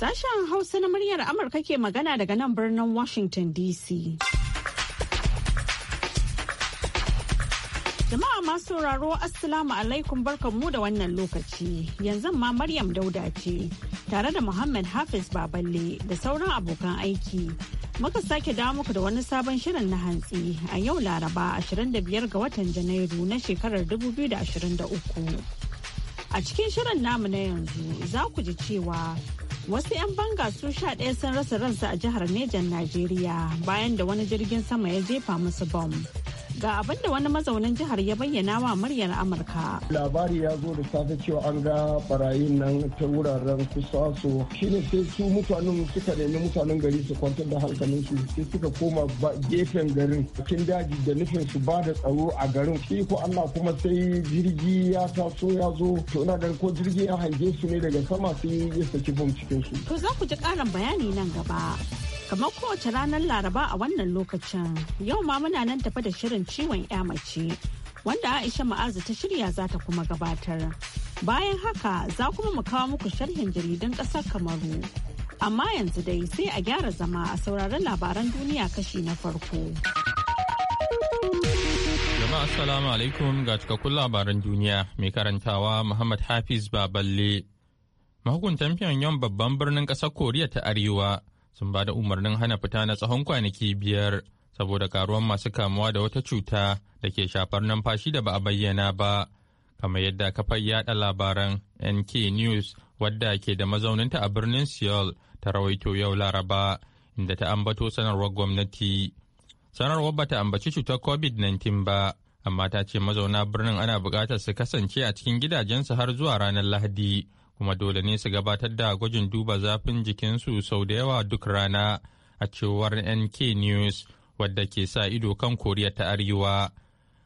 Sashen Hausa na muryar Amurka ke magana daga nan birnin Washington DC. Jama'a masu sauraro Assalamu alaikum barkanmu da wannan lokaci. Yanzu ma Maryam Dauda ce tare da Muhammad Hafiz Baballe da sauran abokan aiki. Muka sake dawo muku da wani sabon shirin na hantsi a yau Laraba 25 ga watan Janairu na shekarar 2023. A cikin shirin namu na yanzu za ku ji cewa Wasu 'yan banga su sha ɗaya sun rasa ransa a jihar Nejan Najeriya bayan da wani jirgin sama ya jefa musu bom. Ga abin da wani mazaunin jihar ya bayyana wa muryar Amurka. Labari ya zo da safe cewa an ga barayin nan ta wuraren kusa su shine sai su mutanen suka nemi mutanen gari su kwantar da hankalin su sai suka koma gefen garin cikin daji da nufin su ba da tsaro a garin. Shi ko Allah kuma sai jirgi ya taso ya zo to ina ganin ko jirgi ya hange su ne daga sama sai ya saki bom cikin su. To za ku ji karin bayani nan gaba. kamar kowace ranar laraba a wannan lokacin yau ma muna nan tafa da shirin ciwon ya mace wanda aisha ma'azu ta shirya za ta kuma gabatar bayan haka za kuma mu kawo muku sharhin jaridan ƙasar kamaru amma yanzu dai sai a gyara zama a sauraron labaran duniya kashi na farko jama'a assalamu alaikum ga cikakkun labaran duniya mai karantawa muhammad hafiz baballe mahukuntan pyongyang babban birnin ƙasar koriya ta arewa sun ba da umarnin hana fita na tsawon kwanaki biyar saboda karuwan masu kamuwa da wata cuta da ke shafar numfashi da ba a bayyana ba kamar yadda kafar yada labaran nk news wadda ke da mazauninta a birnin seoul ta rawaito yau laraba inda ta ambato sanarwar gwamnati sanarwar bata ambaci cutar covid-19 ba amma ta ce mazauna birnin ana bukatar su kasance a cikin gidajensu har zuwa ranar lahadi kuma dole ne su gabatar da gwajin duba zafin jikinsu sau da yawa duk rana a cewar NK News wadda ke sa ido kan Koriya ta Arewa.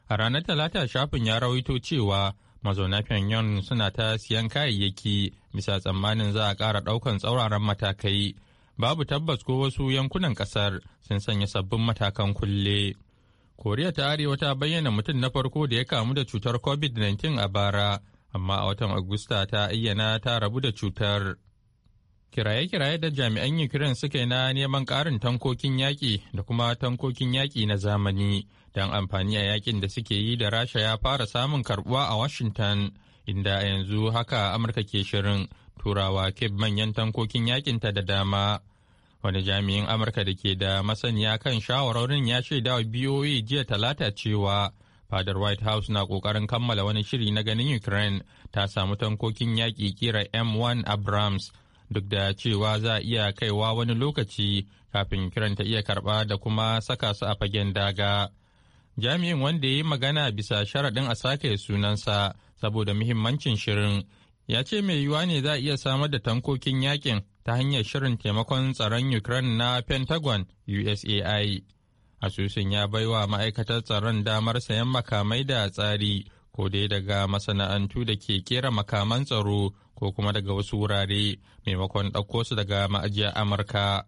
A ranar Talata shafin ya rawaito cewa mazauna Pyongyang suna ta siyan kayayyaki bisa tsammanin za a ƙara ɗaukan tsauraran matakai. Babu tabbas ko wasu yankunan ƙasar sun sanya sabbin matakan kulle. Koriya ta Arewa ta bayyana mutum na farko da ya kamu da cutar COVID-19 a bara. amma a watan Agusta ta ayyana ta rabu da cutar. Kiraye-kiraye da jami'an Ukraine suka yi na neman ƙarin tankokin yaƙi da kuma tankokin yaƙi na zamani don amfani a yaƙin da suke yi da Rasha ya fara samun karɓuwa a Washington, inda yanzu haka Amurka ke shirin turawa Cape manyan tankokin yaƙinta da dama. Wani jami'in Amurka da ke da masaniya kan shawarorin ya shaidawa BOA e jiya talata cewa fadar white house na kokarin kammala wani shiri na ganin ukraine ta samu tankokin yaƙi kira m1 abrams duk da cewa za a iya kaiwa wani lokaci kafin ukraine ta iya karba da kuma saka su a fagen daga jami'in wanda ya yi magana bisa sharaɗin a sake sunansa saboda muhimmancin shirin ya ce mai yiwuwa ne za a iya samar da tankokin yakin ta hanyar shirin taimakon tsaron ukraine na pentagon usai asusun ya baiwa ma'aikatar tsaron damar sayan makamai da tsari ko dai daga masana'antu da ke kera makaman tsaro ko kuma daga wasu wurare maimakon ɗauko su daga ma'ajiyar amurka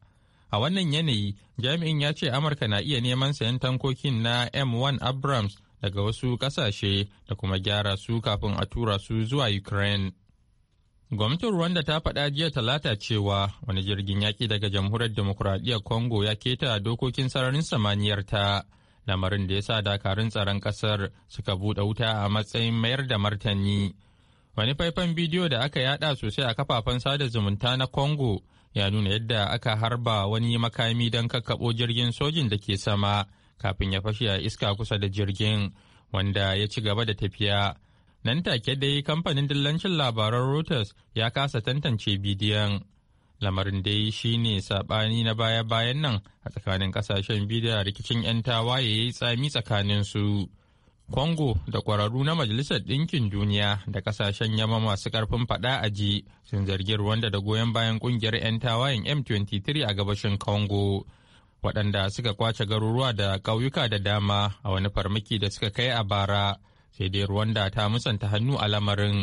a wannan yanayi jami'in ya ce amurka na iya neman sayan tankokin na m1 abrams daga wasu ƙasashe da kuma gyara su kafin a tura su zuwa ukraine Gwamnatin Rwanda ta faɗa jiya talata cewa wani jirgin yaƙi daga jamhuriyar demokuraɗiyyar Congo ya keta dokokin sararin samaniyar ta lamarin da ya sa dakarun tsaron ƙasar suka buɗe wuta a matsayin mayar da martani. Wani faifan bidiyo da aka yada sosai a kafafen sada zumunta na Congo ya nuna yadda aka harba wani makami don kakkaɓo jirgin sojin da ke sama kafin ya fashe a iska kusa da jirgin wanda ya ci gaba da tafiya. Nan take dai kamfanin dillancin labaran Reuters ya kasa tantance bidiyon. Lamarin dai shine ne saɓani na baya-bayan nan a tsakanin ƙasashen biyu da rikicin 'yan tawaye ya yi tsami tsakanin su. Congo da ƙwararru na Majalisar Ɗinkin Duniya da ƙasashen yamma masu karfin faɗa a ji sun zargi Rwanda da goyon bayan ƙungiyar 'yan tawayen M23 a gabashin Congo, waɗanda suka kwace garuruwa da ƙauyuka da dama a wani farmaki da suka kai a bara sai dai rwanda ta musanta hannu a lamarin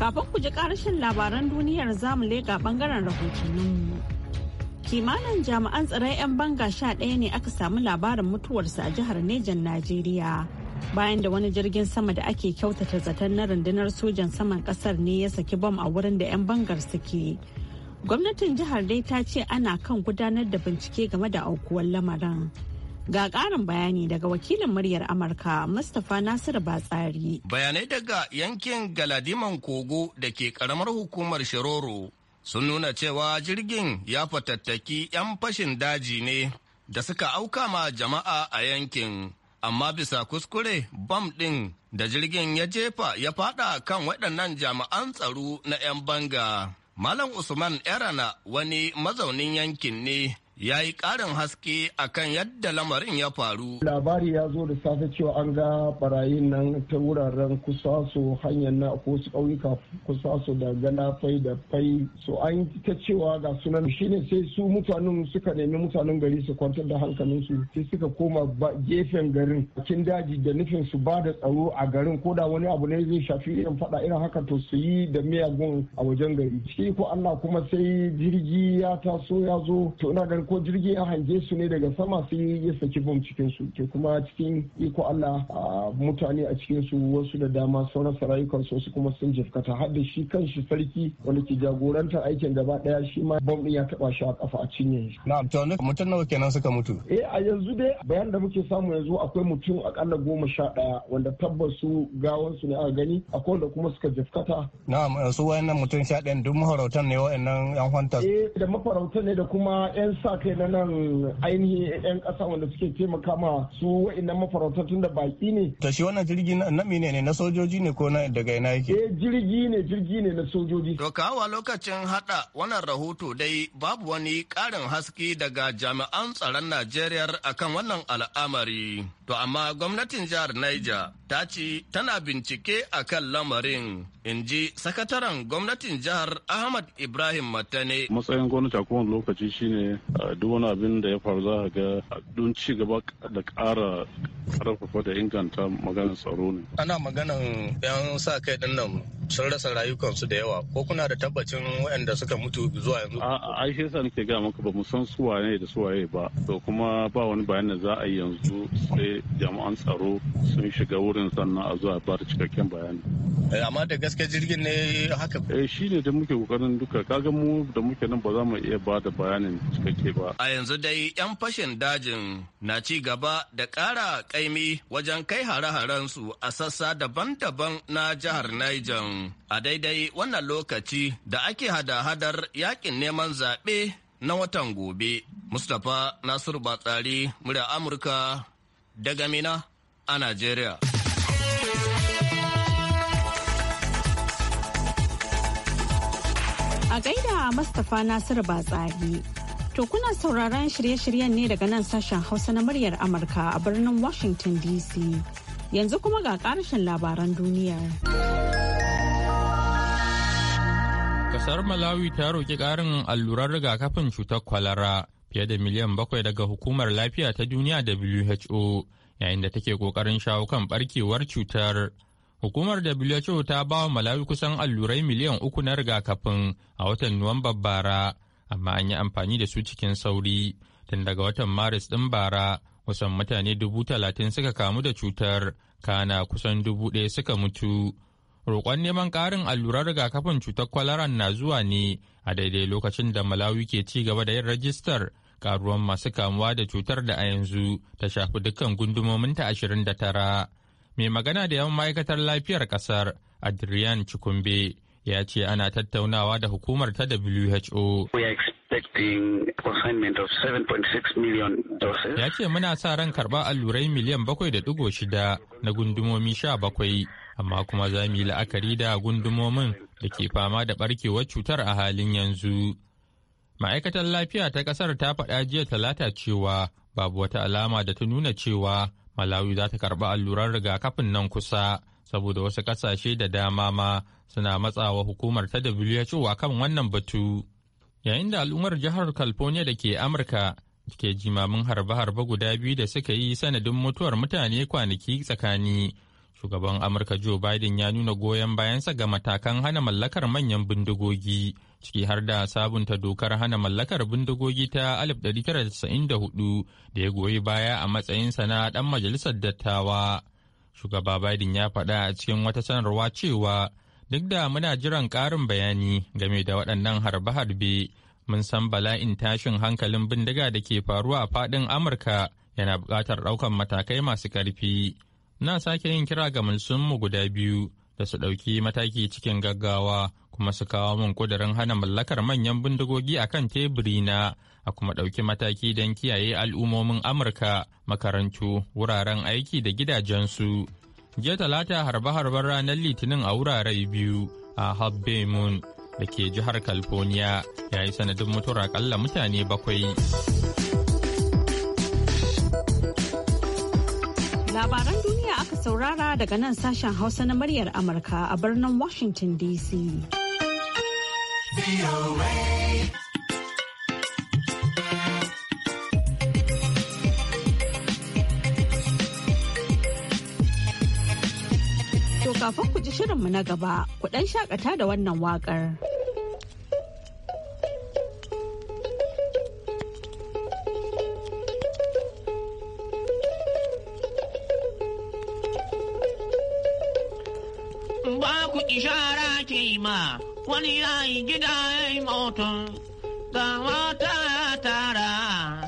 kafin ku ji ƙarashin labaran duniyar zamu lega bangaren rahotanninmu kimanin jami'an tsirai 'yan banga sha ɗaya ne aka samu labarin mutuwarsa a jihar nejan najeriya bayan da wani jirgin sama da ake kyautata zaton na rundunar sojan saman kasar ne ya saki bom a wurin da 'yan bangar suke gwamnatin jihar dai ta ce ana kan gudanar da bincike game da aukuwar lamarin Ga ƙarin bayani daga wakilin muryar Amurka Mustapha Nasiru Batsari. Bayanai daga yankin Galadiman Kogo da ke ƙaramar hukumar Shiroro sun nuna cewa jirgin ya fatattaki 'yan fashin daji ne da suka auka ma jama'a a yankin. Amma bisa kuskure bam ɗin da jirgin ya jefa ya fada kan waɗannan jami'an tsaro na 'yan banga. Malam Usman Erana wani mazaunin yankin ne ya yi ƙarin haske a kan yadda lamarin ya faru. Labari ya zo da safe cewa an ga barayin nan ta wuraren kusa su hanyar na ko su ƙauyuka kusa su da gana fai da fai so an ta cewa ga sunan shine sai su mutanen suka nemi mutanen gari su kwantar da hankalin su sai suka koma gefen garin cikin daji da nufin su ba da tsaro a garin ko da wani abu ne zai shafi irin faɗa irin haka to su yi da miyagun a wajen gari. Shi ko Allah kuma sai jirgi ya taso ya zo to ina ganin ko jirgin ya hange su ne daga sama sai ya saki bom cikin su ke kuma cikin iko Allah mutane a cikin su wasu da dama sauran sarayukan su su kuma sun jefkata har da shi kanshi sarki wanda ke jagorantar aikin gaba daya shi ma bom din ya taba shi a kafa a cinye shi. Na'am to mutum nawa kenan suka mutu? Eh a yanzu dai bayan da muke samu yanzu akwai mutum akalla goma sha wanda tabbas su gawan su ne aka gani akwai wanda kuma suka jefkata. Na'am su wayannan mutum sha ɗayan duk mafarautan ne wayannan yan hanta. Eh da mafarautan ne da kuma yan sa kai na nan ainihin 'yan kasa wanda suke taimaka ma su mafarauta tun da baki ne. Ta shi wannan jirgi na mine ne na sojoji ne ko na daga ina yake? Eh jirgi ne jirgi ne na sojoji. To kawo lokacin hada wannan rahoto dai babu wani ƙarin haske daga jami'an tsaron Najeriya akan wannan al'amari. To amma gwamnatin jihar Niger ta ce tana bincike akan lamarin. in ji sakataren gwamnatin jihar ahmad ibrahim matane matsayin gwamnati a kowane lokaci shine duk wani abin da ya faru za a ga don ci gaba da ƙara ƙarfafa da inganta maganar tsaro ne. Ana maganan 'yan sa kai din nan sun rasa rayukansu da yawa ko kuna da tabbacin waɗanda suka mutu zuwa yanzu? A shi yasa nake gaya maka ba mu san su waye da su waye ba to kuma ba wani bayan da za a yi yanzu sai jami'an tsaro sun shiga wurin sannan a zuwa ba da cikakken bayani. Eh, amma da gaske jirgin ne haka. Eh, shi ne da muke kokarin duka kaga mu da muke nan ba za mu iya ba da bayanin cikakken ba. A yanzu dai 'yan fashin dajin na ci gaba da ƙara ƙaimi wajen kai hare harensu a sassa daban-daban na jihar Niger. A daidai wannan lokaci da ake hada-hadar yakin neman zaɓe na watan gobe. Mustapha Nasir Batsari, murya Amurka, daga Mina a Najeriya. A gaida Mustapha Nasiru Batsari. To kuna sauraron shirye-shiryen ne daga nan sashen Hausa na muryar Amurka a birnin Washington DC. Yanzu kuma ga ƙarshen labaran duniya. Kasar Malawi ta roƙi ƙarin allurar rigakafin cutar kwalara fiye da miliyan bakwai daga hukumar lafiya ta duniya WHO yayin da take ƙoƙarin shawo kan ɓarkewar cutar. Hukumar WHO ta ba wa Malawi kusan allurai miliyan uku na rigakafin a watan nuwamba bara. amma an yi amfani da su cikin sauri tun daga watan maris ɗin bara kusan mutane dubu talatin suka kamu da cutar kana kusan dubu ɗaya suka mutu roƙon neman ƙarin allurar rigakafin cutar kwalaran na zuwa ne a daidai lokacin da malawi ke ci gaba da yin rajistar karuwan masu kamuwa da cutar da a yanzu ta shafi dukkan gundumominta ashirin da tara mai magana da yawan ma'aikatar lafiyar ƙasar adrian cikumbe ya ce ana tattaunawa da hukumar ta WHO. Ya ce muna sa ran karɓa allurai miliyan bakwai da ɗigo shida na gundumomi sha bakwai, amma kuma za mu yi la'akari da gundumomin da ke fama da ɓarkewar cutar a halin yanzu. Ma'aikatar lafiya ta ƙasar ta faɗa jiya talata cewa babu wata alama da ta nuna cewa Malawi za ta karɓi allurar rigakafin nan kusa, saboda wasu ƙasashe da dama ma suna matsawa hukumar ta WHO a kan wannan batu. Yayin da al'ummar jihar California da ke Amurka ke jimamin harbe-harbe guda biyu da suka yi sanadin mutuwar mutane kwanaki tsakani. Shugaban Amurka Joe Biden ya nuna goyon bayansa ga matakan hana mallakar manyan bindigogi, ciki har da sabunta dokar hana mallakar bindigogi ta 1994 da ya goyi baya a matsayinsa na ɗan majalisar dattawa. Shugaba Biden ya faɗa a cikin wata sanarwa cewa duk da muna jiran ƙarin bayani game da waɗannan harbe-harbe mun san bala'in tashin hankalin bindiga da ke faruwa a faɗin amurka yana buƙatar ɗaukan matakai masu ƙarfi na sake yin kira ga mu guda biyu da su ɗauki mataki cikin gaggawa kuma su kawo min ƙudurin hana mallakar manyan bindigogi a kan teburina a kuma ɗauki mataki don kiyaye al'ummomin amurka makarantu wuraren aiki da gidajensu jiya talata harbe-harben ranar litinin a wurare biyu a habbemun da ke jihar california ya yi sanadin mutuwar akalla mutane bakwai labaran duniya aka saurara daga nan sashen hausa na maryar amurka a birnin washington dc kafin ku ji shirinmu na gaba, ku ɗan shakata da wannan waƙar. Ba ku ishara ke ma wani yayi gida ya yi mutum, ga mata ya tara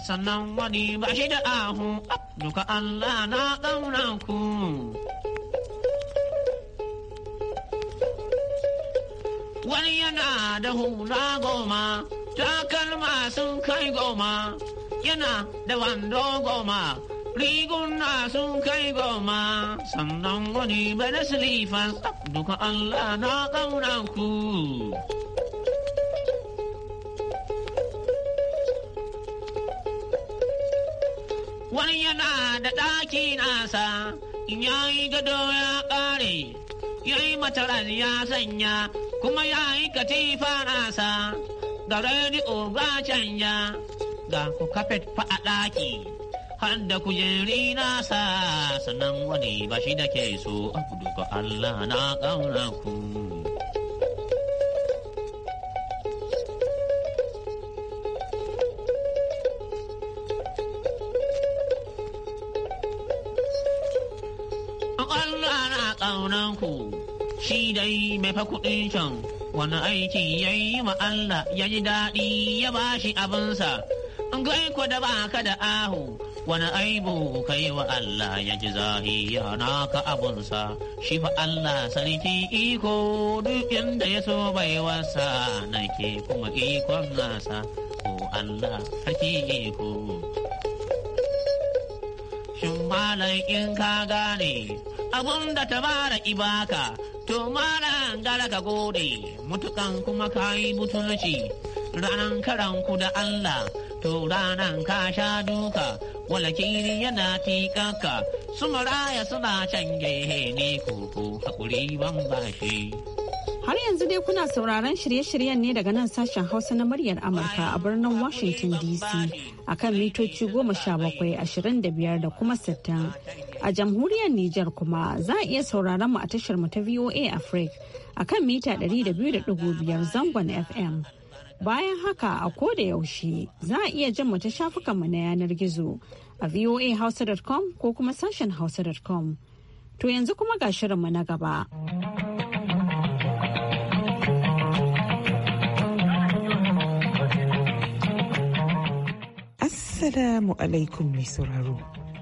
sannan wani ba shi da ahu, duka Allah na ɗaunan ku. da hula goma takalma sun kai goma yana da wando goma riguna sun kai goma sannan wani bada silifan duka Allah na ƙauna ku. Wani yana da ɗaki nasa, in yayi gado ya ƙare. ya yi mata ya sanya kuma ya yi katifa nasa ga rediyo ga canja ga ku kafet fa a ɗaki har da kujeri nasa sannan wani ba shi da ke so a kudu Allah na ƙaunar ku. shi dai mai fa kuɗi can wani aiki ya yi ma Allah ya ji daɗi ya ba shi abinsa gai ko da ba ka da ahu wani aibu ka yi wa Allah ya ji zahi ya naka abunsa shi fa Allah sarki iko duk inda ya so bai wasa na ke kuma ikon nasa ko Allah sarki iko shin malam in ka gane abun da ta bara ibaka To mara gara ka gode, mutukan kuma ka yi butulci, ranan karan ku da Allah, to ranan ka sha duka, wala yana tikaka, su maraya suna can gehe ne koko hakuri ban bashi. Har yanzu dai kuna sauraron shirye-shiryen ne daga nan sashen Hausa na muryar Amurka a birnin Washington DC akan mitoci goma sha bakwai ashirin da biyar da kuma sittin. A jamhuriyar Nijar kuma za a iya sauraron mu a tashar mu ta VOA Africa a kan mita 200.5 zangon FM. Bayan haka a ko da yaushe za a iya jan mu ta shafukan mu na yanar gizo a voahausa.com ko kuma sashen hausa.com. To yanzu kuma ga shirin mu na gaba. Assalamu alaikum mai sauraro.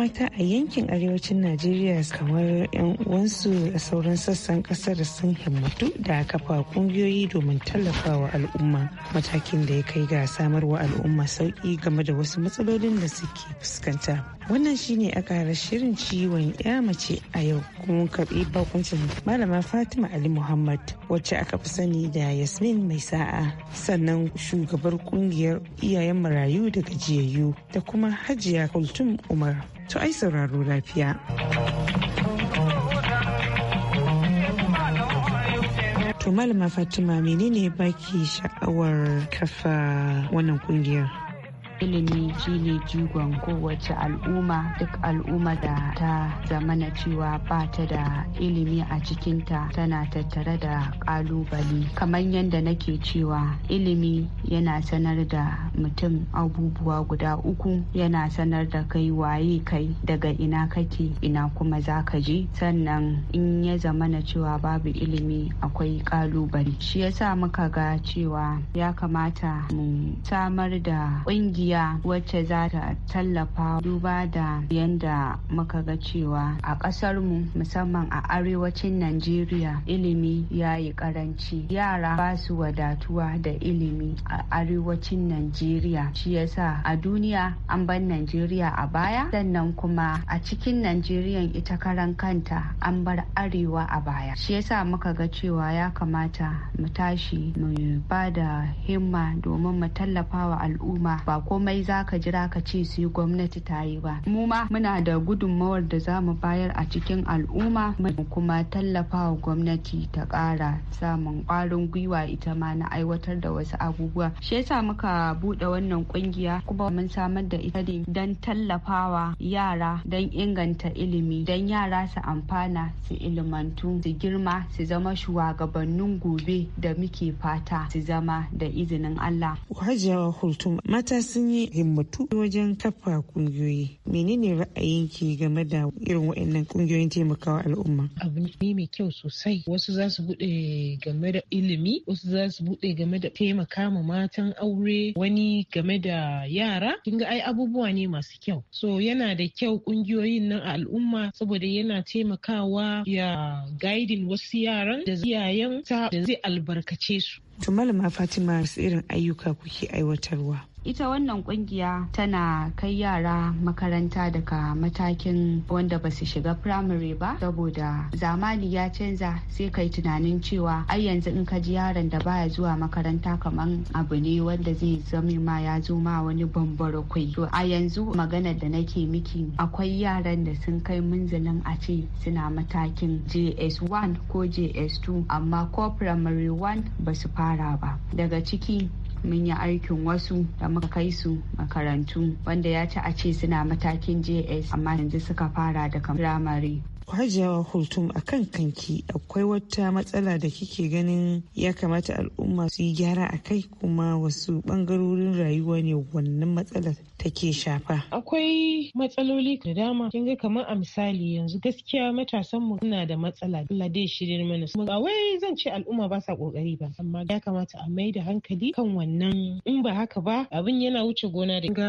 mata a yankin arewacin najeriya kamar 'yan uwansu a sauran sassan kasar sun himmatu da kafa kungiyoyi domin tallafawa al'umma matakin da ya kai ga samarwa al'umma sauki game da wasu matsalolin da suke fuskanta wannan shine aka shirin ciwon ya mace a yau kuma karbi bakuncin malama fatima ali muhammad wacce aka fi sani da yasmin mai sa'a sannan shugabar kungiyar iyayen marayu da gajiyayyu da kuma hajiya kultum umar to ai sauraro lafiya. To Malama Fatima menene baki sha'awar kafa wannan kungiyar? ilimi shine jigon kowace al'umma duk al'umma da ta zamana cewa ba ta da ilimi a cikinta tana tattare da kalubale kamar yadda nake cewa ilimi yana sanar da mutum abubuwa guda uku yana sanar da kai waye kai daga ina kake ina kuma za ka je sannan in ya zamana cewa babu ilimi akwai kalubale shi yasa muka ga cewa ya kamata mu samar da ƙungiya? kungiya wacce za ta tallafa duba da yadda muka ga cewa a mu? musamman a arewacin najeriya ilimi ya yi karanci yara ba su wadatuwa da ilimi a arewacin najeriya shi yasa a duniya an bar najeriya a baya sannan kuma a cikin Najeriya ita karan kanta an bar arewa a baya shi yasa muka ga cewa ya kamata mu tashi mu ba da himma domin mu tallafa wa al'umma ba ko komai za ka jira ka ce sai gwamnati ta yi ba mu ma muna da gudunmawar da za mu bayar a cikin al'umma kuma tallafawa gwamnati ta ƙara samun ƙwarin gwiwa ita ma na aiwatar da wasu abubuwa shi yasa muka buɗe wannan ƙungiya kuma mun samar da ita ne don tallafawa yara don inganta ilimi don yara su amfana su ilimantu su girma su zama shugabannin gobe da muke fata su zama da izinin Allah. Wajen Hultum mata sun yi himmatu wajen kafa ƙungiyoyi. menene ra'ayin ra'ayinki game da irin waɗannan kungiyoyin taimakawa al'umma abu ne mai kyau sosai wasu za su bude game da ilimi wasu za su bude game da taimaka ma matan aure wani game da yara kin ga ai abubuwa ne masu kyau so yana da kyau ƙungiyoyin nan a al'umma saboda yana taimakawa ya guiding wasu yaran da iyayen ta da zai albarkace su to malama fatima irin ayyuka kuke aiwatarwa ita wannan kungiya tana kai yara makaranta daga matakin wanda ba su shiga firamare ba saboda zamani ya canza sai kai tunanin cewa ai yanzu in ka ji yaron da baya zuwa makaranta kamar abu ne wanda zai zame ma ya zo ma wani bambara kwai to a yanzu magana da nake miki akwai yaran da sun kai munzalin a ce suna matakin js1 ko js2 amma ko firamare 1 ba su fara ba daga ciki mun yi aikin wasu da muka kai su makarantu wanda ya ci a ce suna matakin js amma yanzu suka fara daga firamare kwajewa hultum a kan kanki akwai wata matsala da kike ganin ya kamata al'umma su yi gyara a kai kuma wasu bangarorin rayuwa ne wannan matsalar take shafa. Akwai matsaloli da dama kin ga kamar a misali yanzu gaskiya matasan mu suna da matsala Allah dai shirin mana su. Ba wai zan ce al'umma ba sa kokari ba amma ya kamata a mai da hankali kan wannan in ba haka ba abin yana wuce gona da ga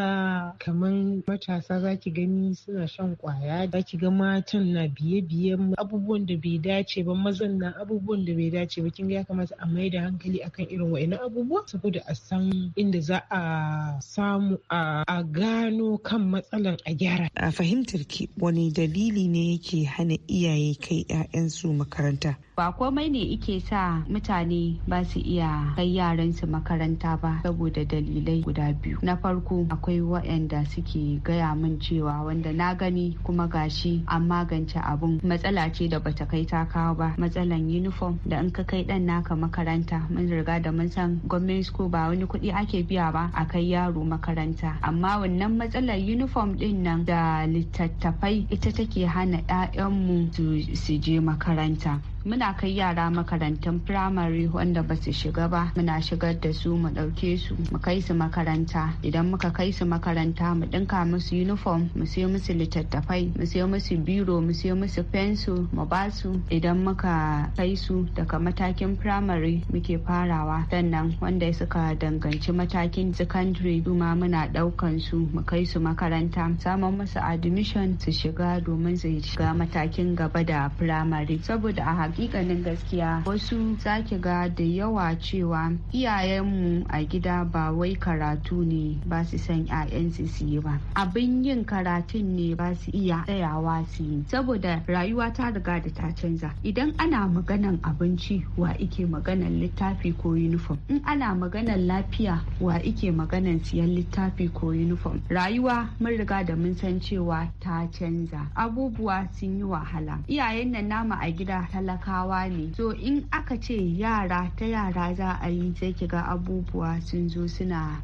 kaman matasa zaki gani suna shan kwaya zaki ga matan na biye biye-biyen abubuwan da bai dace ba mazan nan, abubuwan da bai dace ba kin ya kamata a mai da hankali akan irin wa'annan abubuwa saboda a san inda za a samu a gano kan matsalan a gyara a fahimtar ki wani dalili ne yake hana iyaye kai 'ya'yansu makaranta ba komai ne ike sa mutane ba su iya kai yaransu makaranta ba saboda dalilai guda biyu na farko akwai waɗanda suke gaya min cewa wanda na gani kuma gashi an magance abun matsala ce da bata kai ta kawo ba matsalan uniform da in ka kai ɗan naka makaranta mun riga da mun san gwamnati school ba wani kuɗi ake biya ba a kai yaro makaranta amma wannan matsalar uniform din nan da littattafai ita take hana 'ya'yanmu su je makaranta muna kai yara makarantun firamare wanda ba su shiga ba muna shigar da su mu ɗauke su mu kai su makaranta idan muka kai su makaranta mu ɗinka musu uniform mu siyo musu littattafai mu siyo musu biro mu sai musu fensu mu ba su idan muka kai su daga matakin firamare muke farawa sannan wanda suka danganci matakin secondary kuma muna ɗaukan su mu kai su makaranta samun musu admission su shiga domin su shiga matakin gaba da firamare saboda a hakikanin gaskiya wasu zaki ga da yawa cewa iyayenmu a gida ba wai karatu ne ba su san 'ya'yansu su yi ba abin yin karatun ne ba su iya tsayawa su yi saboda rayuwa ta riga da ta canza idan ana maganan abinci wa ike maganan littafi ko yunifom in ana maganan lafiya wa ike maganan siyan littafi ko yunifom rayuwa mun riga da mun san cewa ta canza abubuwa sun yi wahala iyayen nan nama a gida talaka talakawa ne so in aka ce yara ta yara za a yi sai kiga abubuwa sun zo suna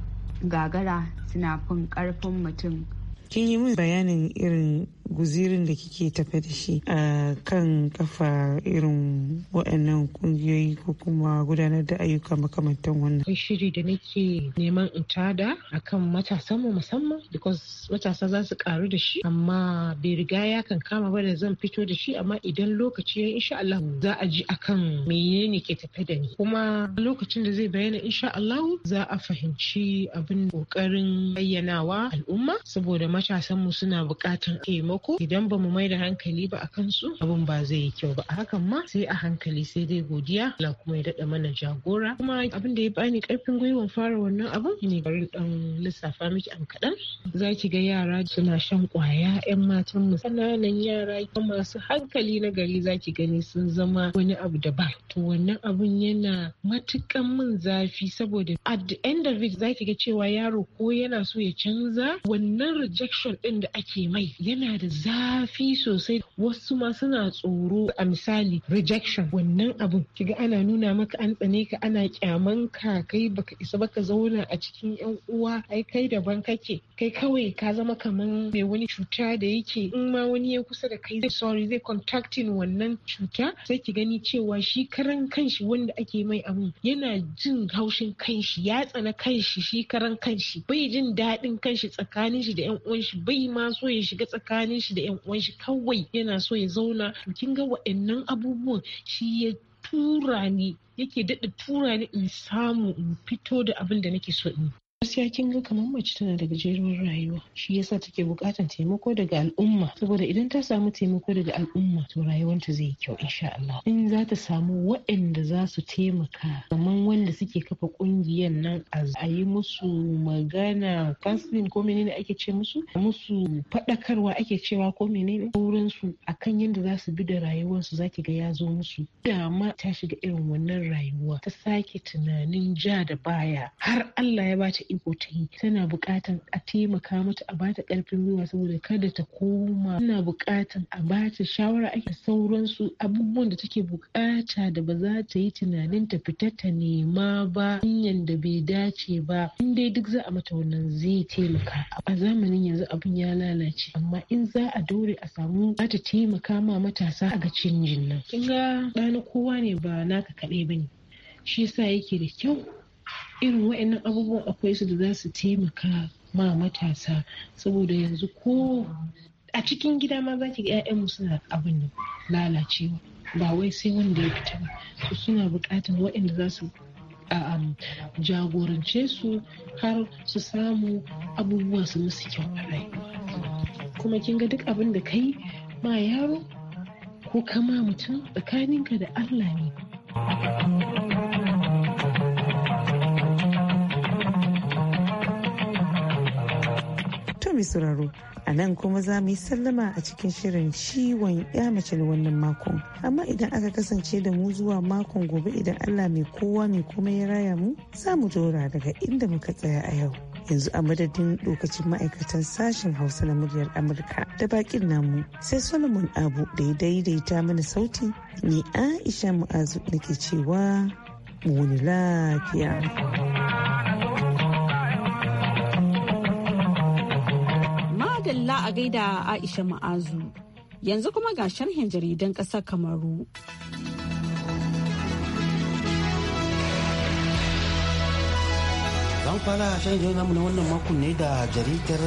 gagara suna fin karfin mutum kin yi min bayanin irin guzirin da kike tafe da shi a kan kafa irin waɗannan ƙungiyoyi ko kuma gudanar da ayyuka makamantan wannan. Akwai shiri da nake neman in tada akan matasa mu musamman because matasa za su karu da shi amma bai riga ya kan kama ba da zan fito da shi amma idan lokaci ya insha Allah za a ji akan menene ke tafe da ni kuma lokacin da zai bayyana insha Allah za a fahimci abin kokarin bayyanawa al'umma saboda matasan mu suna buƙatar taimako sakamako idan ba mu mai da hankali ba a kansu abin ba zai yi kyau ba a hakan ma sai a hankali sai dai godiya Allah kuma ya dada mana jagora kuma abin da ya bani karfin gwiwan fara wannan abin ne bari dan lissafa miki an kadan za ki ga yara suna shan kwaya yan matan mu sananan yara masu hankali na gari za ki gani sun zama wani abu da ba to wannan abun yana matukan mun zafi saboda at the end of it za ki ga cewa yaro ko yana so ya canza wannan rejection din da ake mai yana da zafi sosai wasu ma suna tsoro a misali rejection wannan abun kiga ana nuna maka an tsane ka ana kyaman ka kai baka isa baka zauna a cikin yan uwa ai kai daban kake kai kawai ka zama kaman mai wani cuta da yake in ma wani ya kusa da kai zai sorry zai contacting wannan cuta sai ki gani cewa shi karan kanshi wanda ake mai abun yana jin haushin kanshi ya tsana kanshi shi karan kanshi bai jin daɗin kanshi tsakanin shi da yan uwan shi bai ma so ya shiga tsakanin tsakanin shi da yan uwan shi kawai yana so ya zauna kin ga wa'annan abubuwan shi ya tura ni yake daɗa tura ni in samu in fito da abin da nake so in gaskiya kin ga kamar mace tana da gajeruwar rayuwa shi yasa take bukatar taimako daga al'umma saboda idan ta samu taimako daga al'umma to rayuwarta zai yi kyau insha Allah in za ta samu waɗanda za su taimaka kamar wanda suke kafa ƙungiyar nan a yi musu magana counseling ko menene ake ce musu musu faɗakarwa ake cewa ko menene sauran su akan yadda za su bi da rayuwarsu zaki ga ya zo musu dama ta shiga irin wannan rayuwa ta sake tunanin ja da baya har Allah ya bata iko ta yi tana buƙatan a taimaka mata a bata ƙarfin gwiwa saboda kada ta koma tana buƙatan a bata shawara ake sauransu abubuwan da take buƙata da ba za ta yi tunanin ta fita ta nema ba hanyar da bai dace ba in dai duk za a mata wannan zai taimaka a zamanin yanzu abin ya lalace amma in za a daure a samu za ta taimaka ma matasa a ga canjin nan kin ga ɗana kowa ne ba naka kaɗai ne. shi yasa yake da kyau irin wa'annan abubuwan akwai su da za su taimaka ma matasa saboda yanzu ko a cikin gida ma za ki ga 'ya'yanmu suna abin da lalacewa ba wai sai wanda ya fita ba su suna buƙatar wa'anda za su um, jagorance su har su samu abubuwa su musu kyau a rayuwa kuma kin ga duk abin da kai ma yaro ko kama mutum tsakaninka da Allah ne. To mai sauraro, a nan kuma za mu yi sallama a cikin shirin ciwon ya mace na wannan makon. Amma idan aka kasance da mu zuwa makon gobe idan Allah mai kowa mai kuma ya raya mu, za mu dora daga inda muka tsaya a yau. yanzu a madadin lokacin ma'aikatan sashen hausa na muryar amurka da bakin namu sai solomon abu da ya daidaita mana sauti ni aisha mu'azu nake cewa mu muni lafiya madalla a gaida Aisha Ma'azu. Yanzu kuma ga sharhin jaridan ƙasar Kamaru. an fara shan jirgin namu na wannan makon ne da jaridar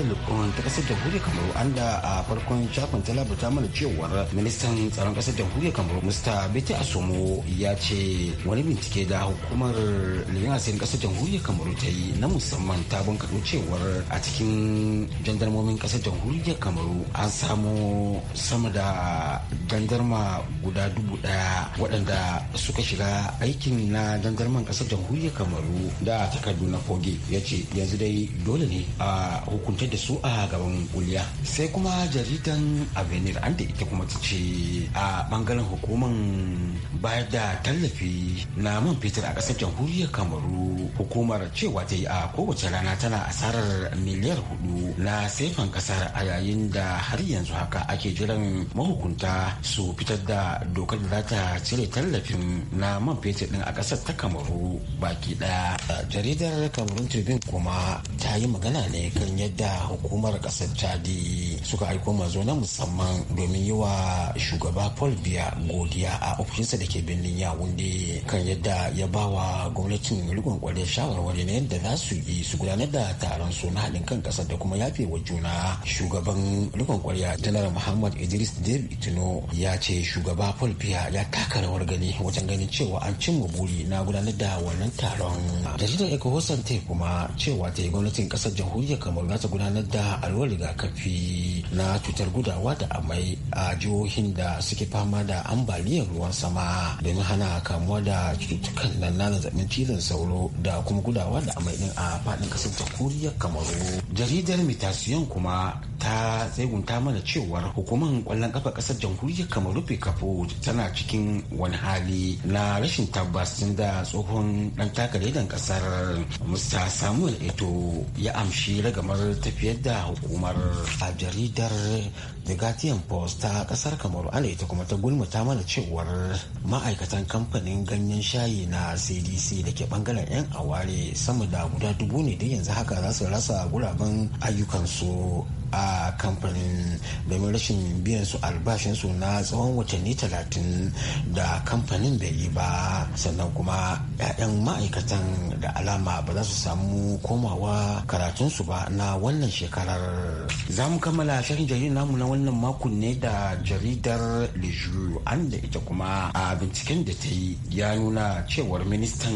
ta kasar jamhuriyar kamaru an da a farkon shafin ta labarta mana cewar ministan tsaron kasar jamhuriyar kamaru mr bete asomo ya ce wani bincike da hukumar liyan asirin kasar jamhuriyar kamaru ta yi na musamman ta bankaɗo cewar a cikin jandarmomin kasar jamhuriyar kamaru an samu sama da jandarma guda dubu daya waɗanda suka shiga aikin na jandarman kasar jamhuriyar kamaru da takardu na foge ya ce yanzu dai dole ne a hukuntar da su a gaban kuliya sai kuma jaridan avenir an da ita kuma ta ce a bangaren hukuman bayar da tallafi na man fetur a kasar jamhuriyar kamaru hukumar cewa ta yi a kowace rana tana asarar miliyar hudu na saifan kasar a yayin da har yanzu haka ake jiran mahukunta su fitar da dokar da za ta cire tallafin na man fetur din a kasar ta kamaru baki daya jaridar kamarun tribune kuma ta yi magana ne kan yadda hukumar kasar chadi suka aiko mazo na musamman domin yi wa shugaba paul biya godiya a ofishinsa da ke birnin yawunde kan yadda ya ba wa gwamnatin rikon kwarin shawarwari na yadda za su yi su gudanar da taron su na haɗin kan kasar da kuma yafe wa juna shugaban rikon kwarya janar muhammad idris dave itino ya ce shugaba paul biya ya taka rawar gani wajen ganin cewa an cimma buri na gudanar da wannan taron jaridar ecohosan kuma cewa ta yi gwamnatin kasar jamhuriyar kamar za ta gudanar da alwar rigakafi na cutar gudawa da amai a jihohin da suke fama da ambaliyar ruwan sama domin hana kamuwa da cututtukan nan na zazzabin cizon sauro da kuma gudawa da amai din a faɗin kasar jamhuriyar kamaru jaridar mitasiyon kuma ta tsegunta mana cewar hukumar kwallon kafa kasar jamhuriyar kamaru kafo tana cikin wani hali na rashin tabbas da tsohon dan takardar kasar musta da samuel eto ya amshi ragamar tafiyar da hukumar a jaridar The Guardian Post ta kasar Kamaru ana ita kuma ta gulmata mana cewar ma'aikatan kamfanin ganyen shayi na CDC da ke bangaren 'yan aware sama da guda dubu ne da yanzu haka za su rasa guraben ayyukansu a kamfanin domin rashin biyan su albashinsu na tsawon watanni talatin da kamfanin bai yi ba sannan kuma 'ya'yan ma'aikatan da alama ba za su samu komawa karatunsu ba na wannan shekarar za mu kammala shirin jaridar namu na wannan makon ne da jaridar lejiyu an da ita kuma a binciken da ta yi ya nuna cewar ministan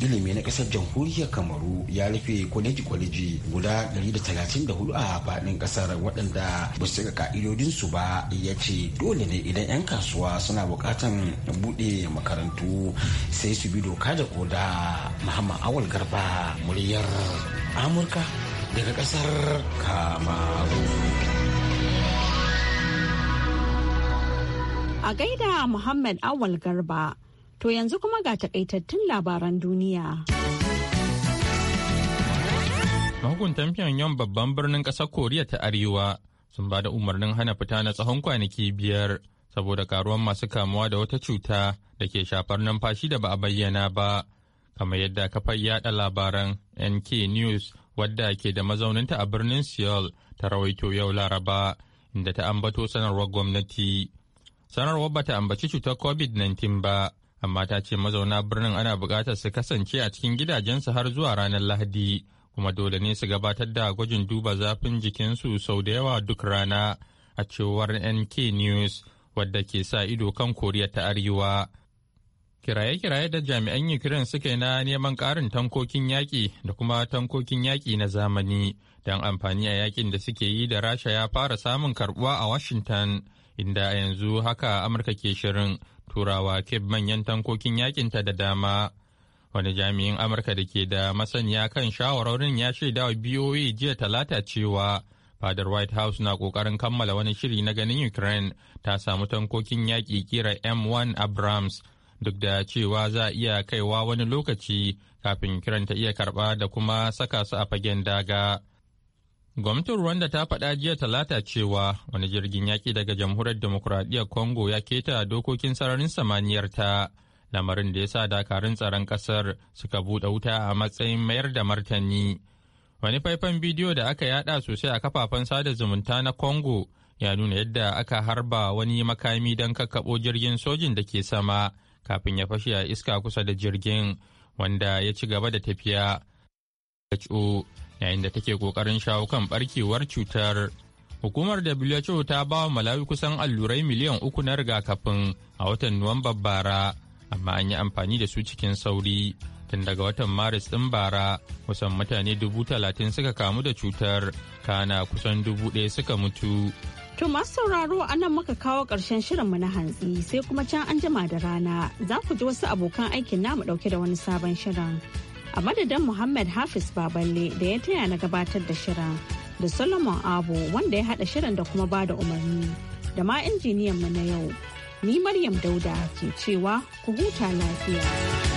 ilimi na kasar jamhuriyar kamaru ya rufe kwaleji-kwaleji guda 134 a faɗin kasar waɗanda ba su ƙa'idodinsu ba ya ce dole ne idan 'yan kasuwa suna buƙatan buɗe makarantu sai su bi doka da koda muhammad awal garba muryar amurka daga kasar kamaru A gaida Muhammad Awal Garba, to yanzu kuma ga takaitattun labaran duniya. Mahukuntan Pyongyang babban birnin ƙasar Koriya ta Arewa sun ba da umarnin hana fita na tsawon kwanaki biyar saboda karuwan masu kamuwa da wata cuta da ke shafar numfashi da ba a bayyana ba, kamar yadda kafar yada labaran NK News wadda ke da mazauninta a birnin Seoul ta rawaito yau Laraba, inda ta ambato sanarwar gwamnati. sanarwar bata ambaci cutar covid-19 ba amma ta ce mazauna birnin ana bukatar su kasance a cikin gidajensu har zuwa ranar lahadi kuma dole ne su gabatar da gwajin duba zafin jikinsu sau da yawa duk rana a cewar nk news wadda ke sa ido kan koriya ta arewa kiraye-kiraye da jami'an ukraine suka yi na neman ƙarin tankokin yaƙi da kuma tankokin yaƙi na zamani don amfani a yakin da suke yi da rasha ya fara samun karbuwa a washington inda a yanzu haka amurka ke shirin turawa cape manyan tankokin yakinta da dama wani jami'in amurka da ke da masaniya kan shawarorin ya shaida wa boa jiya talata cewa fadar white house na kokarin kammala wani shiri na ganin ukraine ta samu tankokin yaƙi kira m1 abrams duk da cewa za a iya kaiwa wani lokaci kafin ukraine ta iya karba da kuma saka su a fagen daga. Gwamnatin Rwanda ta faɗa jiya talata cewa wani jirgin yaƙi daga jamhuriyar demokuraɗiyyar Congo ya keta dokokin sararin samaniyar ta lamarin da ya sa dakarun tsaron ƙasar suka buɗe wuta a matsayin mayar da martani. Wani faifan bidiyo da aka yaɗa sosai a kafafen sada zumunta na Congo ya nuna yadda aka harba wani makami don kakkaɓo jirgin sojin da ke sama kafin ya fashe a iska kusa da jirgin wanda ya ci gaba da tafiya. yayin da take kokarin shawo kan barkewar cutar hukumar who ta ba wa malawi kusan allurai miliyan uku na rigakafin a watan nuwamban bara amma an yi amfani da su cikin sauri tun daga watan maris ɗin bara kusan mutane dubu talatin suka kamu da cutar kana kusan dubu ɗaya suka mutu To masu sauraro a nan muka kawo ƙarshen mu na hantsi sai kuma can an jima da rana za ku ji wasu abokan aikin namu ɗauke da wani sabon shirin. a madadin Muhammad Hafiz Baballe da ya taya na gabatar da shirin da Solomon Abu wanda ya haɗa shirin da kuma ba da umarni da ma injiniyan mu na yau. Ni Maryam Dauda ke cewa ku huta lafiya.